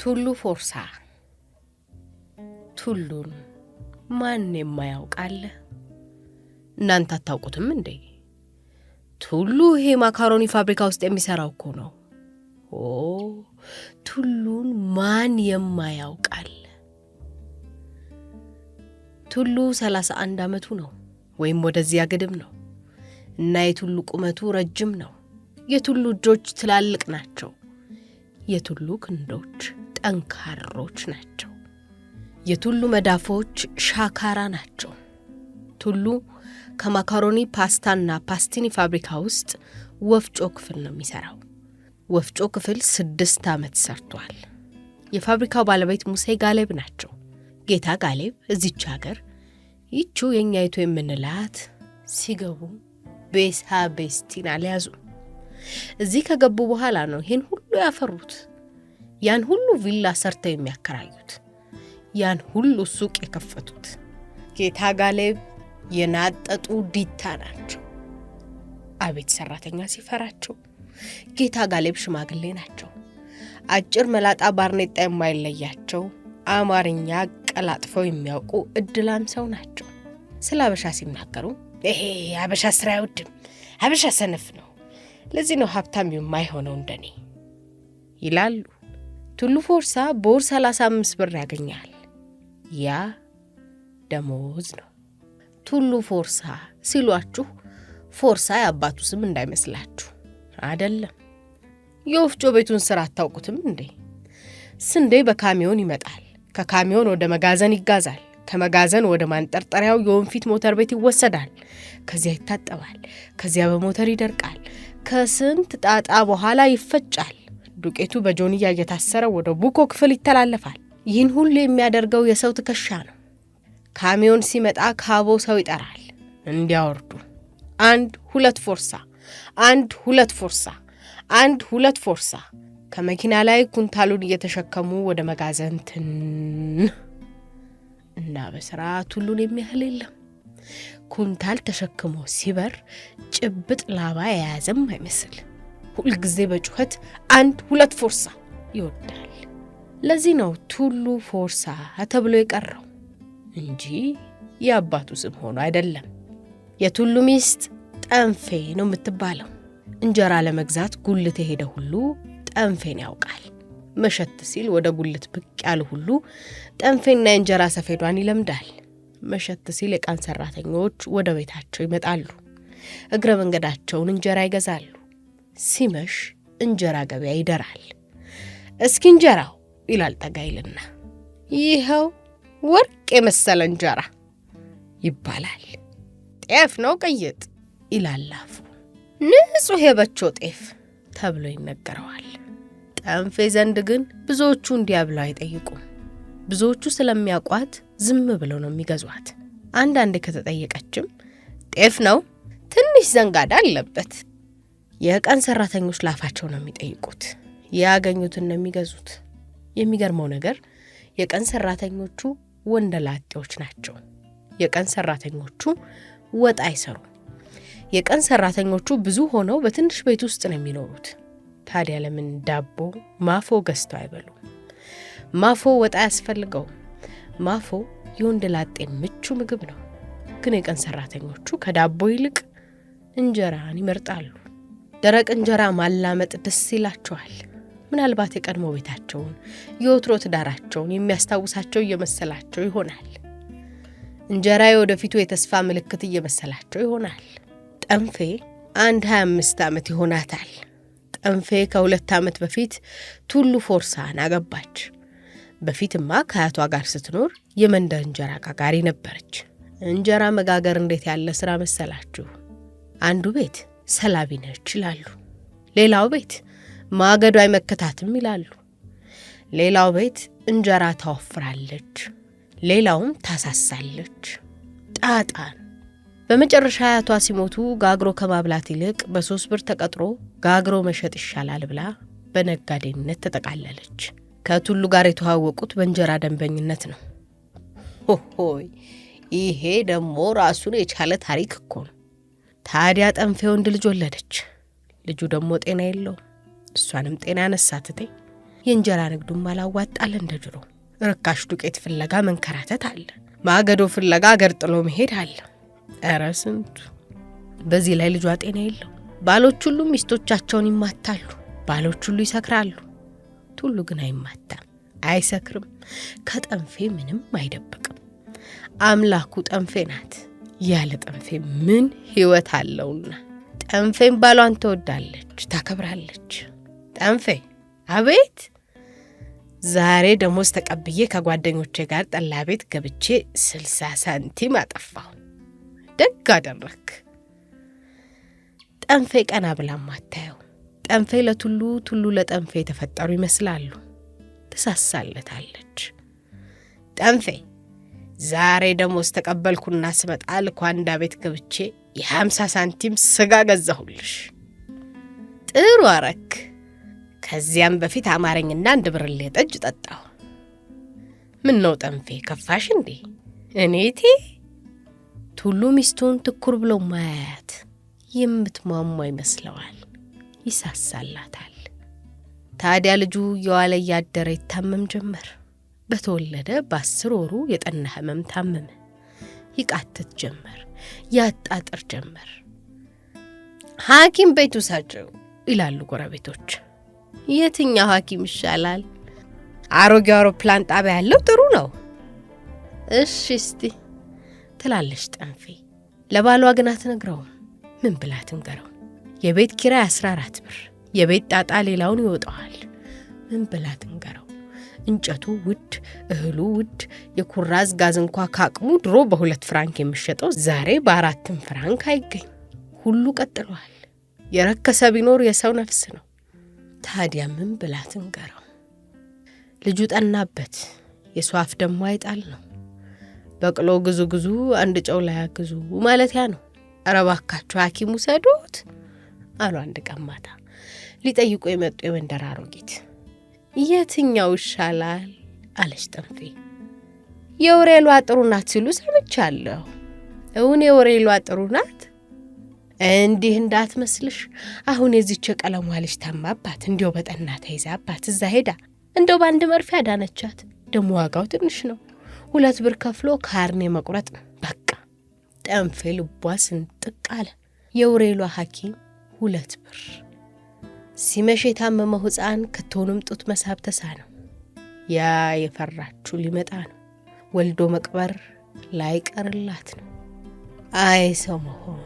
ቱሉ ፎርሳ ቱሉን ማን የማያውቃለ? እናንተ አታውቁትም እንዴ? ቱሉ ይሄ ማካሮኒ ፋብሪካ ውስጥ የሚሰራው እኮ ነው። ኦ ቱሉን ማን የማያውቃል? ቱሉ ሰላሳ አንድ ዓመቱ ነው፣ ወይም ወደዚያ ግድም ነው። እና የቱሉ ቁመቱ ረጅም ነው። የቱሉ እጆች ትላልቅ ናቸው። የቱሉ ክንዶች ጠንካሮች ናቸው። የቱሉ መዳፎች ሻካራ ናቸው። ቱሉ ከማካሮኒ ፓስታና ፓስቲኒ ፋብሪካ ውስጥ ወፍጮ ክፍል ነው የሚሰራው። ወፍጮ ክፍል ስድስት ዓመት ሰርቷል። የፋብሪካው ባለቤት ሙሴ ጋሌብ ናቸው። ጌታ ጋሌብ እዚች ሀገር ይቹ የእኛይቱ የምንላት ሲገቡ ቤስ ሀቤስቲን አልያዙ። እዚህ ከገቡ በኋላ ነው ይህን ሁሉ ያፈሩት፣ ያን ሁሉ ቪላ ሰርተው የሚያከራዩት፣ ያን ሁሉ ሱቅ የከፈቱት። ጌታ ጋሌብ የናጠጡ ዲታ ናቸው። አቤት ሰራተኛ ሲፈራቸው! ጌታ ጋሌብ ሽማግሌ ናቸው። አጭር መላጣ ባርኔጣ የማይለያቸው አማርኛ ቀላጥፈው የሚያውቁ እድላም ሰው ናቸው። ስለ አበሻ ሲናገሩ ይሄ ሀበሻ ስራ አይወድም፣ ሀበሻ ሰነፍ ነው። ለዚህ ነው ሀብታም የማይሆነው እንደኔ ይላሉ። ቱሉ ፎርሳ በወር 35 ብር ያገኛል። ያ ደሞዝ ነው። ቱሉ ፎርሳ ሲሏችሁ ፎርሳ የአባቱ ስም እንዳይመስላችሁ አደለም። የወፍጮ ቤቱን ስራ አታውቁትም እንዴ? ስንዴ በካሚዮን ይመጣል። ከካሚዮን ወደ መጋዘን ይጋዛል። ከመጋዘን ወደ ማንጠርጠሪያው የወንፊት ሞተር ቤት ይወሰዳል። ከዚያ ይታጠባል። ከዚያ በሞተር ይደርቃል። ከስንት ጣጣ በኋላ ይፈጫል። ዱቄቱ በጆንያ እየታሰረ ወደ ቡኮ ክፍል ይተላለፋል። ይህን ሁሉ የሚያደርገው የሰው ትከሻ ነው። ካሚዮን ሲመጣ ካቦ ሰው ይጠራል እንዲያወርዱ። አንድ ሁለት ፎርሳ፣ አንድ ሁለት ፎርሳ፣ አንድ ሁለት ፎርሳ። ከመኪና ላይ ኩንታሉን እየተሸከሙ ወደ መጋዘን ትን እና በስርዓት ሁሉን የሚያህል የለም። ኩንታል ተሸክሞ ሲበር ጭብጥ ላባ የያዘም አይመስል ሁልጊዜ በጩኸት አንድ ሁለት ፎርሳ ይወዳል። ለዚህ ነው ቱሉ ፎርሳ ተብሎ የቀረው እንጂ የአባቱ ስም ሆኖ አይደለም። የቱሉ ሚስት ጠንፌ ነው የምትባለው። እንጀራ ለመግዛት ጉልት የሄደ ሁሉ ጠንፌን ያውቃል። መሸት ሲል ወደ ጉልት ብቅ ያለ ሁሉ ጠንፌና የእንጀራ ሰፌዷን ይለምዳል። መሸት ሲል የቀን ሰራተኞች ወደ ቤታቸው ይመጣሉ። እግረ መንገዳቸውን እንጀራ ይገዛሉ። ሲመሽ እንጀራ ገበያ ይደራል። እስኪ እንጀራው ይላል ጠጋይልና፣ ይኸው ወርቅ የመሰለ እንጀራ ይባላል። ጤፍ ነው ቅይጥ ይላል አፉ። ንጹሕ የበቾ ጤፍ ተብሎ ይነገረዋል። ጠንፌ ዘንድ ግን ብዙዎቹ እንዲያ ብለው አይጠይቁም። ብዙዎቹ ስለሚያውቋት ዝም ብለው ነው የሚገዟት። አንዳንዴ ከተጠየቀችም ጤፍ ነው፣ ትንሽ ዘንጋዳ አለበት። የቀን ሰራተኞች ላፋቸው ነው የሚጠይቁት። ያገኙትን ነው የሚገዙት። የሚገርመው ነገር የቀን ሰራተኞቹ ወንደላጤዎች ናቸው። የቀን ሰራተኞቹ ወጥ አይሰሩም። የቀን ሰራተኞቹ ብዙ ሆነው በትንሽ ቤት ውስጥ ነው የሚኖሩት። ታዲያ ለምን ዳቦ ማፎ ገዝተው አይበሉ? ማፎ ወጥ አያስፈልገውም። ማፎ የወንድ ላጤ ምቹ ምግብ ነው። ግን የቀን ሰራተኞቹ ከዳቦ ይልቅ እንጀራን ይመርጣሉ። ደረቅ እንጀራ ማላመጥ ደስ ይላቸዋል። ምናልባት የቀድሞ ቤታቸውን የወትሮ ትዳራቸውን የሚያስታውሳቸው እየመሰላቸው ይሆናል። እንጀራ የወደፊቱ የተስፋ ምልክት እየመሰላቸው ይሆናል። ጠንፌ አንድ 25 ዓመት ይሆናታል። ጠንፌ ከሁለት ዓመት በፊት ቱሉ ፎርሳን አገባች። በፊትማ ከአያቷ ጋር ስትኖር የመንደር እንጀራ ጋጋሪ ነበረች። እንጀራ መጋገር እንዴት ያለ ሥራ መሰላችሁ! አንዱ ቤት ሰላቢ ነች ይላሉ፣ ሌላው ቤት ማገዶ አይመከታትም ይላሉ፣ ሌላው ቤት እንጀራ ታወፍራለች፣ ሌላውም ታሳሳለች። ጣጣን በመጨረሻ አያቷ ሲሞቱ ጋግሮ ከማብላት ይልቅ በሶስት ብር ተቀጥሮ ጋግሮ መሸጥ ይሻላል ብላ በነጋዴነት ተጠቃለለች። ከቱሉ ጋር የተዋወቁት በእንጀራ ደንበኝነት ነው። ሆሆይ ይሄ ደግሞ ራሱን የቻለ ታሪክ እኮ ነው። ታዲያ ጠንፌ ወንድ ልጅ ወለደች። ልጁ ደግሞ ጤና የለውም። እሷንም ጤና ያነሳትቴ የእንጀራ ንግዱም አላዋጣል። እንደ ድሮ ርካሽ ዱቄት ፍለጋ መንከራተት አለ። ማገዶ ፍለጋ አገር ጥሎ መሄድ አለ። ኧረ ስንቱ! በዚህ ላይ ልጇ ጤና የለው። ባሎች ሁሉ ሚስቶቻቸውን ይማታሉ። ባሎች ሁሉ ይሰክራሉ። ቱሉ ግን አይማታም፣ አይሰክርም። ከጠንፌ ምንም አይደብቅም። አምላኩ ጠንፌ ናት። ያለ ጠንፌ ምን ህይወት አለውና? ጠንፌን ባሏን ትወዳለች፣ ታከብራለች። ጠንፌ አቤት! ዛሬ ደሞዝ ተቀብዬ ከጓደኞቼ ጋር ጠላ ቤት ገብቼ ስልሳ ሳንቲም አጠፋሁ። ደግ አደረክ። ጠንፌ ቀና ብላም አታየው። ጠንፌ ለቱሉ ቱሉ ለጠንፌ የተፈጠሩ ይመስላሉ። ትሳሳለታለች። ጠንፌ ዛሬ ደሞዝ ተቀበልኩና ስመጣ ልኳንዳ ቤት ገብቼ የሀምሳ ሳንቲም ስጋ ገዛሁልሽ። ጥሩ አረክ። ከዚያም በፊት አማረኝና አንድ ብርሌ ጠጅ ጠጣሁ። ምን ነው ጠንፌ ከፋሽ እንዴ? እኔቴ ሁሉ ሚስቱን ትኩር ብሎ ማያያት የምትሟሟ ይመስለዋል፣ ይሳሳላታል። ታዲያ ልጁ የዋለ እያደረ ይታመም ጀመር። በተወለደ በአስር ወሩ የጠና ህመም ታመመ። ይቃትት ጀመር፣ ያጣጥር ጀመር። ሐኪም ቤት ውሰጂው ይላሉ ጎረቤቶች። የትኛው ሐኪም ይሻላል? አሮጌ አውሮፕላን ጣቢያ ያለው ጥሩ ነው። እሺ እስቲ ትላለች ጠንፌ። ለባሏ ግን አትነግረውም። ምን ብላ ትንገረው? የቤት ኪራይ 14 ብር፣ የቤት ጣጣ ሌላውን ይወጣዋል። ምን ብላ ትንገረው? እንጨቱ ውድ፣ እህሉ ውድ። የኩራዝ ጋዝ እንኳ ካቅሙ ድሮ በሁለት ፍራንክ የሚሸጠው ዛሬ በአራትም ፍራንክ አይገኝ። ሁሉ ቀጥሏል። የረከሰ ቢኖር የሰው ነፍስ ነው። ታዲያ ምን ብላ ትንገረው? ልጁ ጠናበት። የሷፍ ደግሞ አይጣል ነው። በቅሎ ግዙ ግዙ አንድ ጨው ላይ አግዙ ማለት ያ ነው። ኧረ እባካችሁ ሐኪሙ ሰዱት አሉ አንድ ቀን ማታ ሊጠይቁ የመጡ የመንደር አሮጊት። የትኛው ይሻላል አለች ጥንፌ። የወሬሏ ጥሩ ናት ሲሉ ሰምቻለሁ። እውን የወሬሏ ጥሩ ናት? እንዲህ እንዳትመስልሽ። አሁን የዚች የቀለሟ ልጅ ታማባት እንዲው በጠና ተይዛባት እዛ ሄዳ እንደው በአንድ መርፌ አዳነቻት። ደሞ ዋጋው ትንሽ ነው። ሁለት ብር ከፍሎ ካርኔ መቁረጥ በቃ ጠንፌ ልቧ ስንጥቅ አለ። የውሬሏ ሐኪም ሁለት ብር። ሲመሽ የታመመው ሕፃን ከቶንም ጡት መሳብ ነው። ያ የፈራችሁ ሊመጣ ነው። ወልዶ መቅበር ላይቀርላት ነው። አይ ሰው መሆን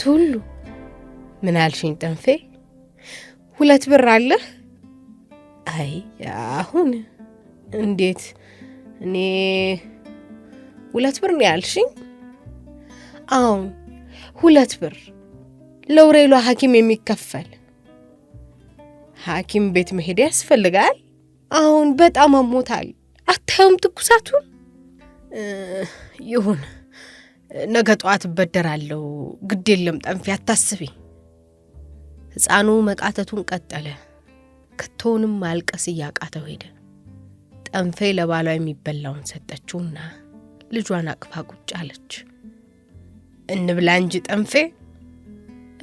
ቱሉ ምን አልሽኝ ጠንፌ? ሁለት ብር አለህ? አይ አሁን እንዴት እኔ ሁለት ብር ነው ያልሽኝ? አሁን ሁለት ብር ለውሬሏ ሐኪም የሚከፈል ሐኪም ቤት መሄድ ያስፈልጋል። አሁን በጣም አሞታል። አታዩም ትኩሳቱን? ይሁን ነገ ጠዋት እበደራለሁ። ግድ የለም ጠንፊ፣ አታስቢ። ሕፃኑ መቃተቱን ቀጠለ። ከቶውንም ማልቀስ እያቃተው ሄደ። ጠንፌ ለባሏ የሚበላውን ሰጠችውና ልጇን አቅፋ ቁጭ አለች። እንብላ እንጂ ጠንፌ፣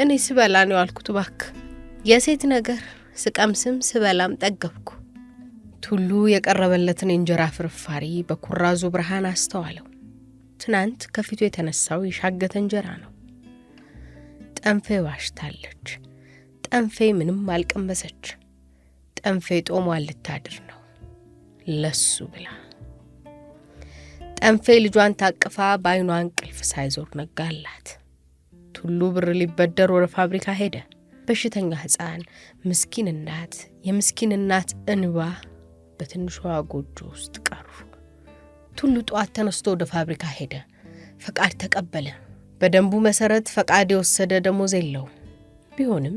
እኔ ስበላ ነው ያልኩት። ባክ! የሴት ነገር ስቀምስም ስበላም ጠገብኩ። ቱሉ የቀረበለትን የእንጀራ ፍርፋሪ በኩራዙ ብርሃን አስተዋለው። ትናንት ከፊቱ የተነሳው የሻገተ እንጀራ ነው። ጠንፌ ዋሽታለች። ጠንፌ ምንም አልቀመሰች። ጠንፌ ጦሟ ልታድር ለሱ ብላ ጠንፌ ልጇን ታቅፋ በአይኗ እንቅልፍ ሳይዞር ነጋላት። ቱሉ ብር ሊበደር ወደ ፋብሪካ ሄደ። በሽተኛ ሕፃን፣ ምስኪን እናት፣ የምስኪን እናት እንባ በትንሿ ጎጆ ውስጥ ቀሩ። ቱሉ ጠዋት ተነስቶ ወደ ፋብሪካ ሄደ። ፈቃድ ተቀበለ። በደንቡ መሰረት ፈቃድ የወሰደ ደሞዝ የለውም። ቢሆንም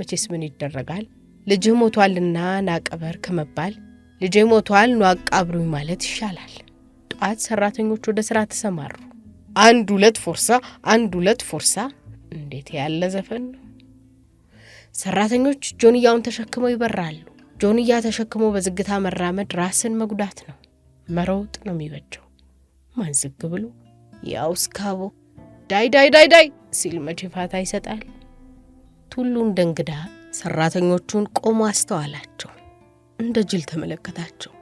መቼስ ምን ይደረጋል፣ ልጅህ ሞቷልና ናቀበር ከመባል ልጄ ሞቷል ኑ አቃብሩኝ ማለት ይሻላል። ጠዋት ሰራተኞች ወደ ስራ ተሰማሩ። አንድ ሁለት ፎርሳ፣ አንድ ሁለት ፎርሳ። እንዴት ያለ ዘፈን ነው! ሰራተኞች ጆንያውን ተሸክመው ይበራሉ። ጆንያ ተሸክሞ በዝግታ መራመድ ራስን መጉዳት ነው። መሮጥ ነው የሚበጀው። ማን ዝግ ብሎ ያው እስካቦ ዳይ ዳይ ዳይ ዳይ ሲል መቼ ፋታ ይሰጣል? ቱሉ እንደ እንግዳ ሰራተኞቹን ቆሞ አስተዋላቸው። እንደ ጅል ተመለከታቸው።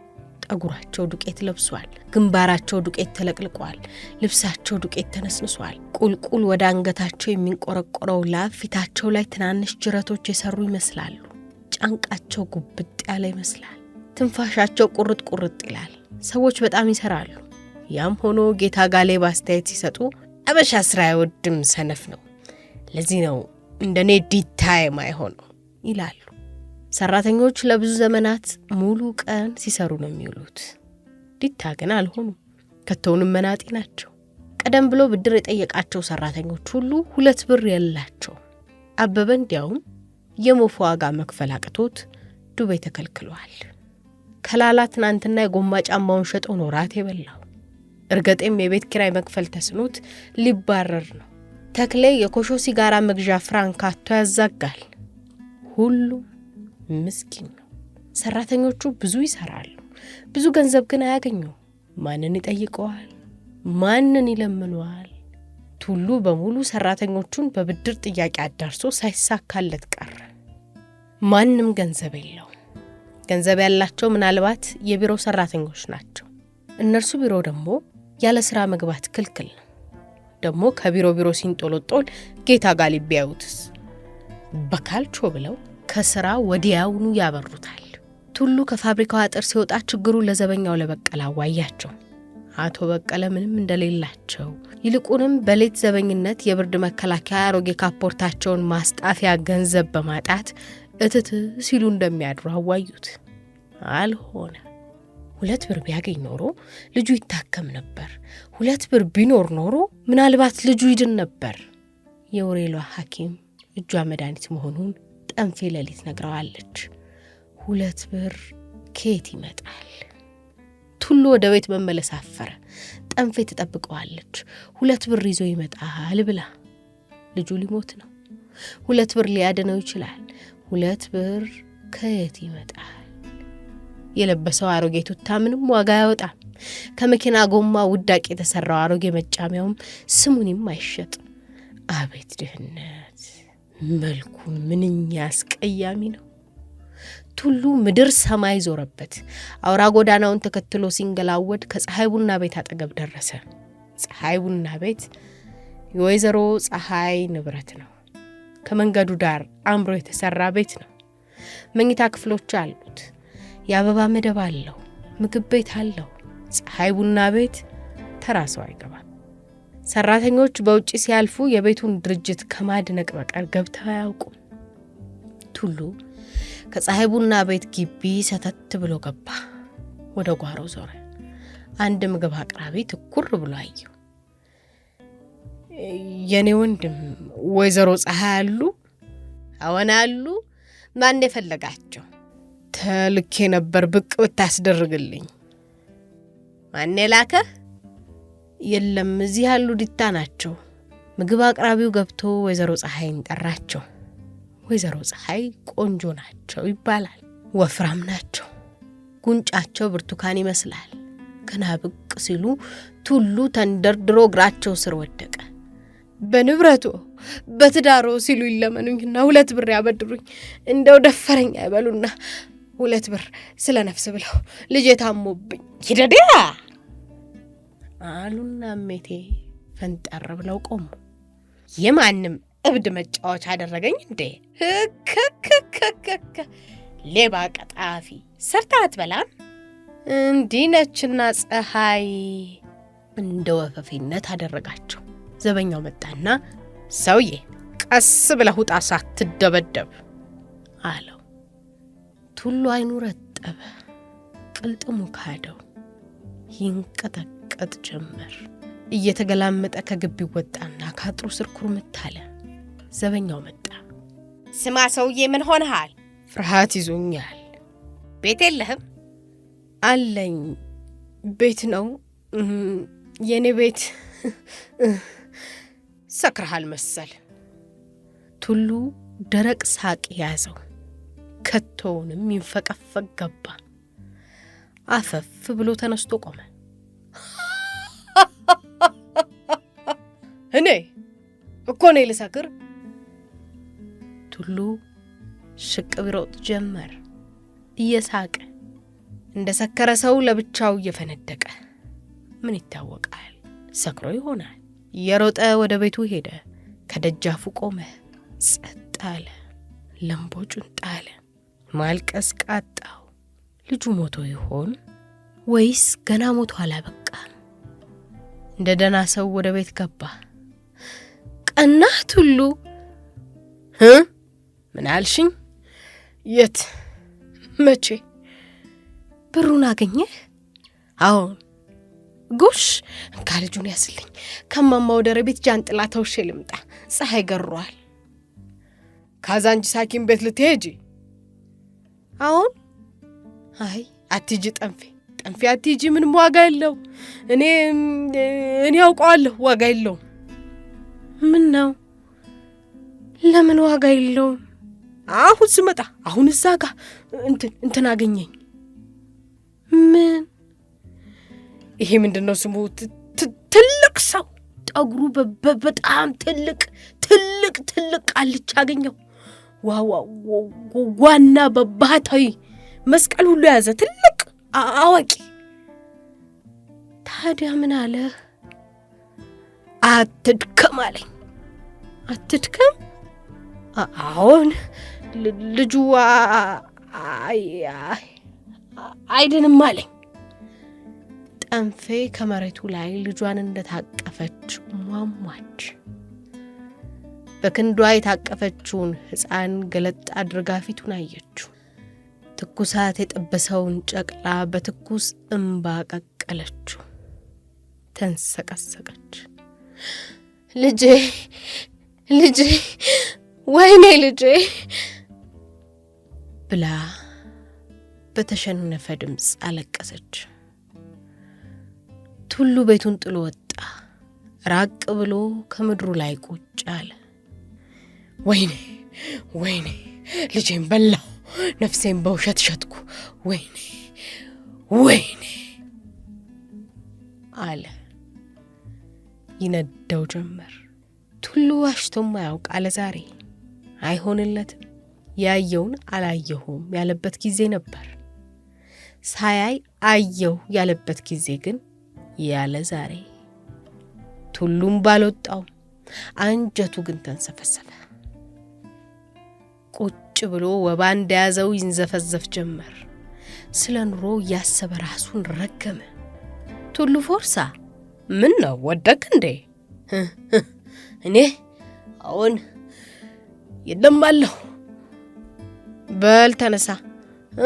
ጠጉራቸው ዱቄት ለብሷል። ግንባራቸው ዱቄት ተለቅልቋል። ልብሳቸው ዱቄት ተነስንሷል። ቁልቁል ወደ አንገታቸው የሚንቆረቆረው ላብ ፊታቸው ላይ ትናንሽ ጅረቶች የሰሩ ይመስላሉ። ጫንቃቸው ጉብጥ ያለ ይመስላል። ትንፋሻቸው ቁርጥ ቁርጥ ይላል። ሰዎች በጣም ይሰራሉ። ያም ሆኖ ጌታ ጋሌ በአስተያየት ሲሰጡ አበሻ ስራ አይወድም፣ ሰነፍ ነው። ለዚህ ነው እንደ እኔ ዲታይ ይላሉ። ሰራተኞች ለብዙ ዘመናት ሙሉ ቀን ሲሰሩ ነው የሚውሉት። ዲታ ግን አልሆኑም፣ ከቶውንም መናጤ ናቸው። ቀደም ብሎ ብድር የጠየቃቸው ሰራተኞች ሁሉ ሁለት ብር የላቸው። አበበ እንዲያውም የሞፍ ዋጋ መክፈል አቅቶት ዱቤ ተከልክሏል። ከላላ ትናንትና የጎማ ጫማውን ሸጦ ኖራት የበላው። እርገጤም የቤት ኪራይ መክፈል ተስኖት ሊባረር ነው። ተክሌ የኮሾ ሲጋራ መግዣ ፍራንክ ያዛጋል። ሁሉም ምስኪን ነው። ሰራተኞቹ ብዙ ይሰራሉ፣ ብዙ ገንዘብ ግን አያገኙም። ማንን ይጠይቀዋል? ማንን ይለምነዋል? ቱሉ በሙሉ ሰራተኞቹን በብድር ጥያቄ አዳርሶ ሳይሳካለት ቀረ። ማንም ገንዘብ የለውም። ገንዘብ ያላቸው ምናልባት የቢሮ ሰራተኞች ናቸው። እነርሱ ቢሮ ደግሞ ያለ ስራ መግባት ክልክል ነው። ደግሞ ከቢሮ ቢሮ ሲንጦሎጦል ጌታ ጋር ሊቢያዩትስ በካልቾ ብለው ከስራ ወዲያውኑ ያበሩታል። ቱሉ ከፋብሪካው አጥር ሲወጣ ችግሩን ለዘበኛው ለበቀለ አዋያቸው። አቶ በቀለ ምንም እንደሌላቸው ይልቁንም በሌት ዘበኝነት የብርድ መከላከያ አሮጌ ካፖርታቸውን ማስጣፊያ ገንዘብ በማጣት እትት ሲሉ እንደሚያድሩ አዋዩት። አልሆነ። ሁለት ብር ቢያገኝ ኖሮ ልጁ ይታከም ነበር። ሁለት ብር ቢኖር ኖሮ ምናልባት ልጁ ይድን ነበር። የውሬሏ ሐኪም እጇ መድኃኒት መሆኑን ጠንፌ ሌሊት ነግረዋለች። ሁለት ብር ከየት ይመጣል? ቱሉ ወደ ቤት መመለስ አፈረ። ጠንፌ ትጠብቀዋለች። ሁለት ብር ይዞ ይመጣል ብላ ልጁ ሊሞት ነው። ሁለት ብር ሊያድነው ይችላል። ሁለት ብር ከየት ይመጣል? የለበሰው አሮጌ ቱታ ምንም ዋጋ አያወጣም። ከመኪና ጎማ ውዳቅ የተሰራው አሮጌ መጫሚያውም ስሙንም አይሸጥም። አቤት ድህነት! መልኩ ምንኛ አስቀያሚ ነው። ቱሉ ምድር ሰማይ ዞረበት። አውራ ጎዳናውን ተከትሎ ሲንገላወድ ከፀሐይ ቡና ቤት አጠገብ ደረሰ። ፀሐይ ቡና ቤት የወይዘሮ ፀሐይ ንብረት ነው። ከመንገዱ ዳር አምሮ የተሰራ ቤት ነው። መኝታ ክፍሎች አሉት። የአበባ መደብ አለው። ምግብ ቤት አለው። ፀሐይ ቡና ቤት ተራ ሰው አይገባም። ሰራተኞች በውጭ ሲያልፉ የቤቱን ድርጅት ከማድነቅ በቀር ገብተው አያውቁም። ቱሉ ከፀሐይ ቡና ቤት ግቢ ሰተት ብሎ ገባ። ወደ ጓሮ ዞረ። አንድ ምግብ አቅራቢ ትኩር ብሎ አየው። የእኔ ወንድም ወይዘሮ ፀሐይ አሉ? አዎን አሉ። ማን የፈለጋቸው? ተልኬ ነበር ብቅ ብታስደርግልኝ። ማን የላከህ? የለም እዚህ ያሉ ዲታ ናቸው። ምግብ አቅራቢው ገብቶ ወይዘሮ ፀሐይን ጠራቸው። ወይዘሮ ፀሐይ ቆንጆ ናቸው ይባላል። ወፍራም ናቸው። ጉንጫቸው ብርቱካን ይመስላል። ገና ብቅ ሲሉ ቱሉ ተንደርድሮ እግራቸው ስር ወደቀ። በንብረቶ በትዳሮ ሲሉ ይለመኑኝና ሁለት ብር ያበድሩኝ፣ እንደው ደፈረኝ አይበሉና ሁለት ብር ስለ ነፍስ ብለው ልጄ ታሞብኝ ሂደዲያ አሉና እሜቴ ፈንጠር ብለው ቆሙ። የማንም እብድ መጫወቻ አደረገኝ እንዴ? ህከከከከከ ሌባ ቀጣፊ ሰርታ አትበላም። እንዲህ ነችና ፀሐይ እንደ ወፈፌነት አደረጋቸው። ዘበኛው መጣና ሰውዬ ቀስ ብለህ ውጣ ሳትደበደብ አለው። ቱሉ አይኑ ረጠበ፣ ቅልጥሙ ካደው ይንቀጠቀ መንቀጥቀጥ ጀመር። እየተገላመጠ ከግቢው ወጣና ከአጥሩ ስር ኩርምት አለ። ዘበኛው መጣ። ስማ ሰውዬ፣ ምን ሆነሃል? ፍርሃት ይዞኛል። ቤት የለህም? አለኝ። ቤት ነው የእኔ ቤት። ሰክረሃል መሰል። ቱሉ ደረቅ ሳቅ ያዘው። ከቶውንም ይንፈቀፈቅ ገባ። አፈፍ ብሎ ተነስቶ ቆመ። እኔ እኮ እኔ ልሰክር። ቱሉ ሽቅ ቢሮጥ ጀመር እየሳቀ እንደ ሰከረ ሰው ለብቻው እየፈነደቀ። ምን ይታወቃል፣ ሰክሮ ይሆናል። እየሮጠ ወደ ቤቱ ሄደ። ከደጃፉ ቆመ፣ ጸጥ አለ። ለምቦጩን ጣለ። ማልቀስ ቃጣው። ልጁ ሞቶ ይሆን ወይስ ገና ሞቶ አላበቃም? እንደ ደና ሰው ወደ ቤት ገባ። ቀናህ ቱሉ? ምን አልሽኝ? የት? መቼ? ብሩን አገኘህ? አሁን ጎሽ፣ እንካ ልጁን ያስልኝ። ከማማ ወደ ቤት ጃንጥላ ተውሼ ልምጣ፣ ፀሐይ ገሯል። ካዛንቺስ ሐኪም ቤት ልትሄጂ? አሁን? አይ አትሂጂ ጠንፌ ጠንፌ አትሂጂ፣ ምንም ዋጋ የለው። እኔ እኔ ያውቀዋለሁ፣ ዋጋ የለውም። ምን ነው ለምን ዋጋ የለውም? አሁን ስመጣ አሁን እዛ ጋ እንትን እንትን አገኘኝ። ምን ይሄ ምንድን ነው ስሙ? ትልቅ ሰው ጠጉሩ በጣም ትልቅ ትልቅ ትልቅ ቃልቻ አገኘው። ዋዋ ዋና በባህታዊ መስቀል ሁሉ የያዘ ትልቅ አወቂ። ታዲያ ምን አለ? አትድከም አለኝ። አትድከም? አሁን ልጁ አይድንም አለኝ። ጠንፌ ከመሬቱ ላይ ልጇን እንደታቀፈች ሟሟች። በክንዷ የታቀፈችውን ሕፃን ገለጥ አድርጋ ፊቱን አየችው። ትኩሳት የጠበሰውን ጨቅላ በትኩስ እምባ ቀቀለችው። ተንሰቀሰቀች። ልጄ ልጄ፣ ወይኔ ልጄ ብላ በተሸነፈ ድምፅ አለቀሰች። ቱሉ ቤቱን ጥሎ ወጣ። ራቅ ብሎ ከምድሩ ላይ ቁጭ አለ። ወይኔ ወይኔ፣ ልጄን በላው ነፍሴን በውሸት ሸጥኩ። ወይኔ ወይኔ አለ። ይነደው ጀመር። ቱሉ ዋሽቶም አያውቅ አለ። ዛሬ አይሆንለትም። ያየውን አላየሁም ያለበት ጊዜ ነበር። ሳያይ አየሁ ያለበት ጊዜ ግን ያለ ዛሬ ቱሉም ባልወጣውም አንጀቱ ግን ተንሰፈሰፈ። ቁጭ ብሎ ወባ እንደያዘው ይንዘፈዘፍ ጀመር። ስለ ኑሮ እያሰበ ራሱን ረገመ። ቱሉ ፎርሳ ምን ነው ወደቅ እንዴ? እኔ አሁን የለም አለሁ። በል ተነሳ፣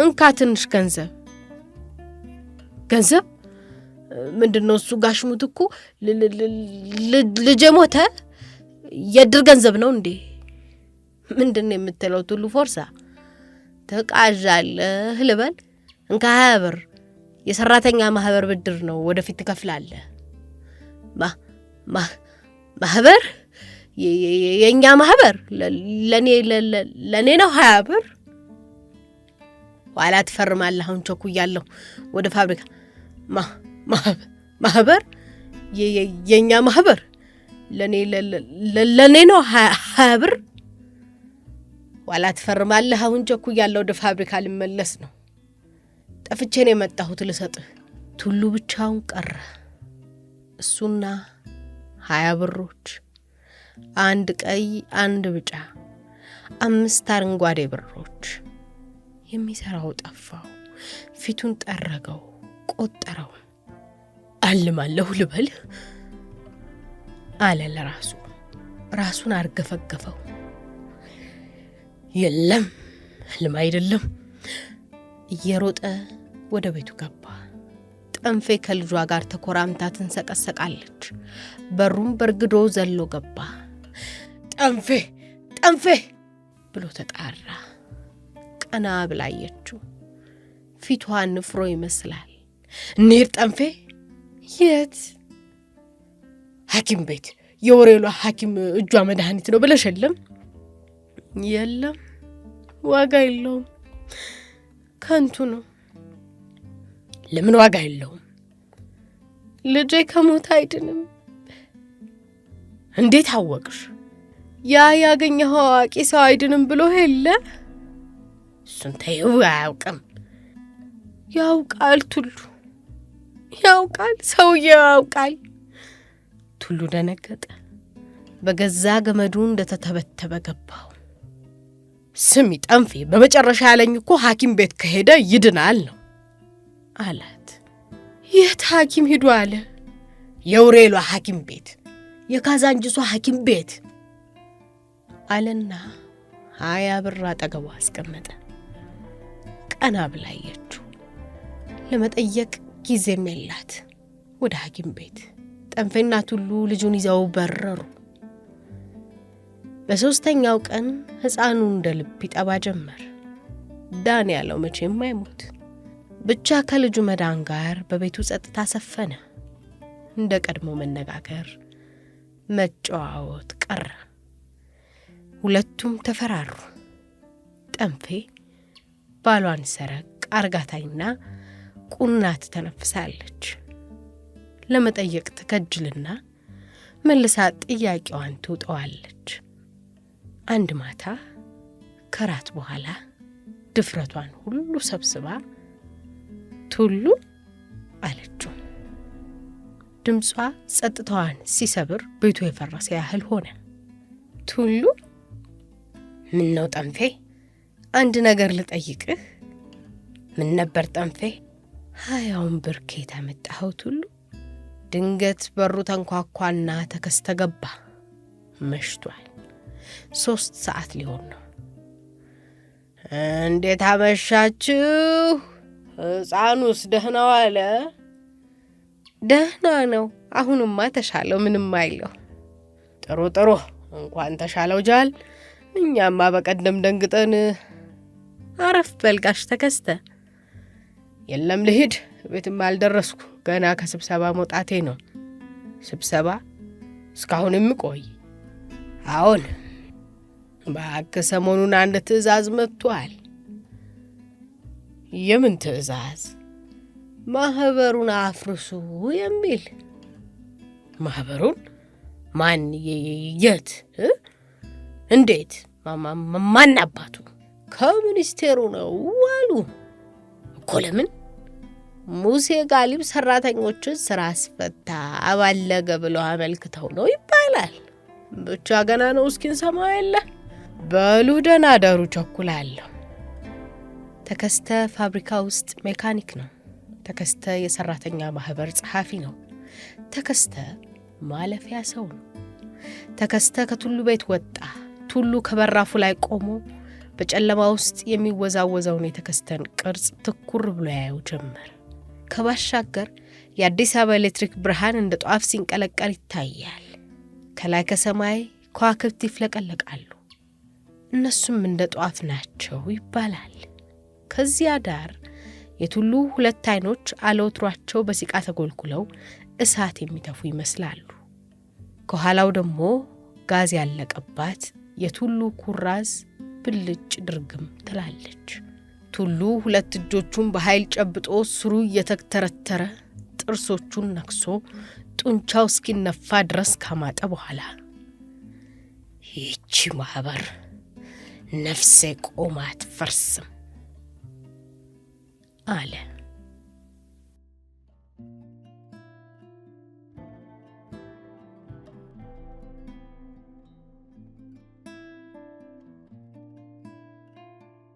እንካ ትንሽ ገንዘብ። ገንዘብ ምንድን ነው እሱ? ጋሽሙት እኮ ልጄ ሞተ። የድር ገንዘብ ነው እንዴ? ምንድን ነው የምትለው? ቱሉ ፎርሳ ትቃዣለህ ልበል? እንካ ሀያ ብር የሰራተኛ ማህበር ብድር ነው፣ ወደፊት ትከፍላለህ። ማህበር የእኛ ማህበር ለእኔ ነው ሀያ ብር ኋላ ትፈርማለህ። አሁን ቸኩያለሁ። ወደ ፋብሪካ ማህበር የእኛ ማህበር ለእኔ ነው ሀያ ብር ዋላ ትፈርማለህ። አሁን ቸኩ እያለ ወደ ፋብሪካ ልመለስ ነው። ጠፍቼን የመጣሁት ልሰጥህ። ቱሉ ብቻውን ቀረ። እሱና ሀያ ብሮች፣ አንድ ቀይ፣ አንድ ቢጫ፣ አምስት አረንጓዴ ብሮች። የሚሰራው ጠፋው። ፊቱን ጠረገው፣ ቆጠረው። አልማለሁ ልበል አለ ለራሱ። ራሱን አርገፈገፈው። የለም ህልም አይደለም። እየሮጠ ወደ ቤቱ ገባ። ጠንፌ ከልጇ ጋር ተኮራምታ ትንሰቀሰቃለች። በሩም በርግዶ ዘሎ ገባ። ጠንፌ ጠንፌ ብሎ ተጣራ። ቀና ብላ አየችው። ፊቷ ንፍሮ ይመስላል። እንሂድ ጠንፌ። የት ሐኪም ቤት? የወሬሏ ሐኪም እጇ መድኃኒት ነው ብለሽ የለም የለም ዋጋ የለውም፣ ከንቱ ነው። ለምን ዋጋ የለውም? ልጄ ከሞት አይድንም። እንዴት አወቅሽ? ያ ያገኘኸው አዋቂ ሰው አይድንም ብሎ የለ እሱን ተይው፣ አያውቅም። ያውቃል፣ ቱሉ ያውቃል፣ ሰውየው ያውቃል። ቱሉ ደነገጠ። በገዛ ገመዱ እንደተተበተበ ገባው። ስሚ ጠንፌ፣ በመጨረሻ ያለኝ እኮ ሐኪም ቤት ከሄደ ይድናል ነው አላት። የት ሐኪም ሂዱ አለ? የውሬሏ ሐኪም ቤት፣ የካዛንጅሷ ሐኪም ቤት አለና ሀያ ብር አጠገቧ አስቀመጠ። ቀና ብላ አየችው። ለመጠየቅ ጊዜም የላት። ወደ ሐኪም ቤት ጠንፌና ቱሉ ልጁን ይዘው በረሩ። በሦስተኛው ቀን ሕፃኑ እንደ ልብ ይጠባ ጀመር። ዳን ያለው መቼም አይሞት ብቻ ከልጁ መዳን ጋር በቤቱ ጸጥታ ሰፈነ። እንደ ቀድሞ መነጋገር፣ መጨዋወት ቀረ። ሁለቱም ተፈራሩ። ጠንፌ ባሏን ሰረቅ አርጋታይና ቁና ትተነፍሳለች። ለመጠየቅ ትከጅልና መልሳ ጥያቄዋን ትውጠዋለች። አንድ ማታ ከራት በኋላ ድፍረቷን ሁሉ ሰብስባ ቱሉ አለችው። ድምጿ ጸጥታዋን ሲሰብር ቤቱ የፈረሰ ያህል ሆነ። ቱሉ ምን ነው ጠንፌ፣ አንድ ነገር ልጠይቅህ። ምን ነበር ጠንፌ? ሀያውን ብር ከየት አመጣኸው? ቱሉ ድንገት በሩ ተንኳኳና ተከስተገባ መሽቷል። ሶስት ሰዓት ሊሆን ነው። እንዴት አመሻችሁ? ሕፃኑስ ደህና ዋለ? ደህና ነው። አሁንማ ተሻለው፣ ምንም አይለው። ጥሩ ጥሩ፣ እንኳን ተሻለው ጃል። እኛማ በቀደም ደንግጠን። አረፍ በልጋሽ ተከስተ። የለም ልሂድ፣ ቤትም አልደረስኩ ገና ከስብሰባ መውጣቴ ነው። ስብሰባ እስካሁን የምቆይ አዎን እባክህ ሰሞኑን አንድ ትዕዛዝ መጥቷል። የምን ትዕዛዝ? ማህበሩን አፍርሱ የሚል ማህበሩን ማን? የት? እንዴት? ማን አባቱ? ከሚኒስቴሩ ነው አሉ እኮ። ለምን? ሙሴ ጋሊብ ሰራተኞችን ስራ አስፈታ አባለገ ብለው አመልክተው ነው ይባላል። ብቻ ገና ነው እስኪን ሰማ የለን በሉ ደህና ደሩ፣ ቸኩላለሁ። ተከስተ ፋብሪካ ውስጥ ሜካኒክ ነው። ተከስተ የሰራተኛ ማህበር ጸሐፊ ነው። ተከስተ ማለፊያ ሰው ነው። ተከስተ ከቱሉ ቤት ወጣ። ቱሉ ከበራፉ ላይ ቆሞ በጨለማ ውስጥ የሚወዛወዘውን የተከስተን ቅርጽ ትኩር ብሎ ያየው ጀመር። ከባሻገር የአዲስ አበባ ኤሌክትሪክ ብርሃን እንደ ጧፍ ሲንቀለቀል ይታያል። ከላይ ከሰማይ ከዋክብት ይፍለቀለቃሉ። እነሱም እንደ ጧፍ ናቸው ይባላል። ከዚያ ዳር የቱሉ ሁለት አይኖች አለወትሯቸው በሲቃ ተጎልጉለው እሳት የሚተፉ ይመስላሉ። ከኋላው ደግሞ ጋዝ ያለቀባት የቱሉ ኩራዝ ብልጭ ድርግም ትላለች። ቱሉ ሁለት እጆቹን በኃይል ጨብጦ ስሩ እየተተረተረ ጥርሶቹን ነክሶ ጡንቻው እስኪነፋ ድረስ ካማጠ በኋላ ይቺ ማህበር። نفسك وما تفرسم آله